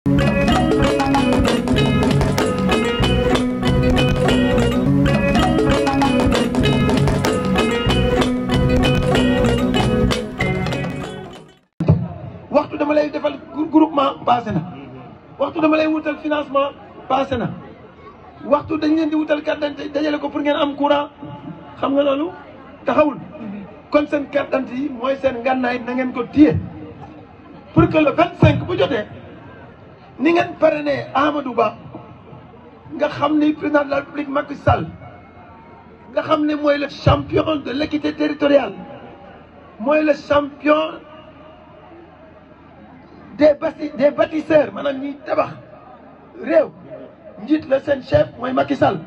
waxtu dama lay defal groupement passé na waxtu dama lay wutal financement passé na waxtu dañ leen di wutal carte d'identité dajale ko pour ngeen am courant xam nga loolu taxawul kon seen carte yi mooy seen ngànnaay na ngeen ko téye pour que le vingt bu jotee ni ngeen ne Amadou Ba nga xam ni président de la République Macky Sall nga xam ne mooy le champion de l'équité territoriale mooy le champion des bâti des bâtisseurs maanaam ñiy tabax réew njiit la seen chef mooy Macky Sall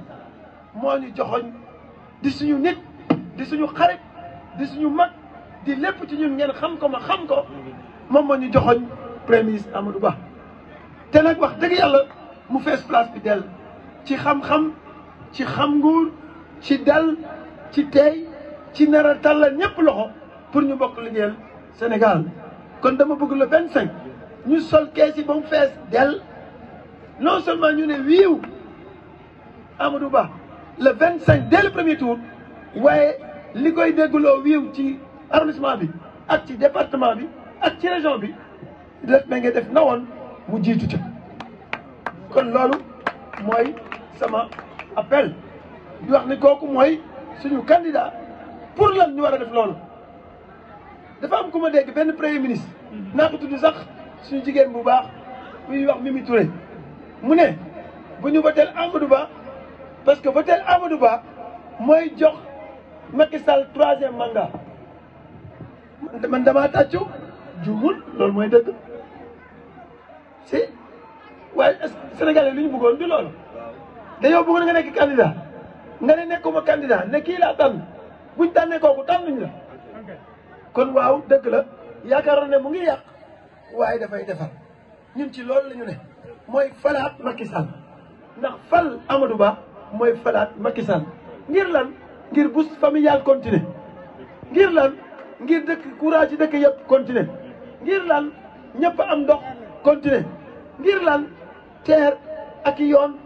moo ñu joxoñ di suñu nit di suñu xarit di suñu mag di lépp ci ñu ngeen xam ko ma xam ko moom moo ñu joxoñ premier ministre Amadou Ba te nag wax dëgg yàlla mu fees place bi dell ci xam-xam ci xam nguur ci dal ci teey ci nar tàllal ñëpp loxo pour ñu bokk liggéeyal Sénégal kon dama bëgg le vingt cinq ñu sol kees yi ba mu fees dell non seulement ñu ne wiiw Amadou Ba le vingt cinq dès le premier tour waaye li koy déggloo wiiw ci arrondissement bi ak ci département bi ak ci région bi def ma nga def na woon mu jiitu ca kon loolu mooy sama appel di wax ni kooku mooy suñu candidat pour lan ñu war a def loolu dafa am ku ma dégg benn premier ministre mm-hmm. naa ko tudd sax suñu jigéen bu baax bu ñuy wax Mimi Touré mu ne bu ñu votel Amadou Ba parce que votel Amadou mooy jox Macky Sall troisième mandat man damaa tàccu juumul loolu mooy dëgg si waaye Sénégalais li ñu bëggoon du loolu dañoo bëggoon nga nekk candidat nga ne nekkuma candidat ne kii laa tànn buñ tànnee kooku tànnuñ la kon waaw dëgg la yaakaar ne mu ngi yàq waaye dafay defar ñun ci loolu lañu ne mooy falaat Macky Sall ndax fal Amadou Ba mooy falaat Macky Sall ngir lan ngir bus familial continuer ngir lan ngir dëkk courage yi dëkk yëpp continuer ngir lan ñëpp am ndox continuer ngir lan teer ak yoon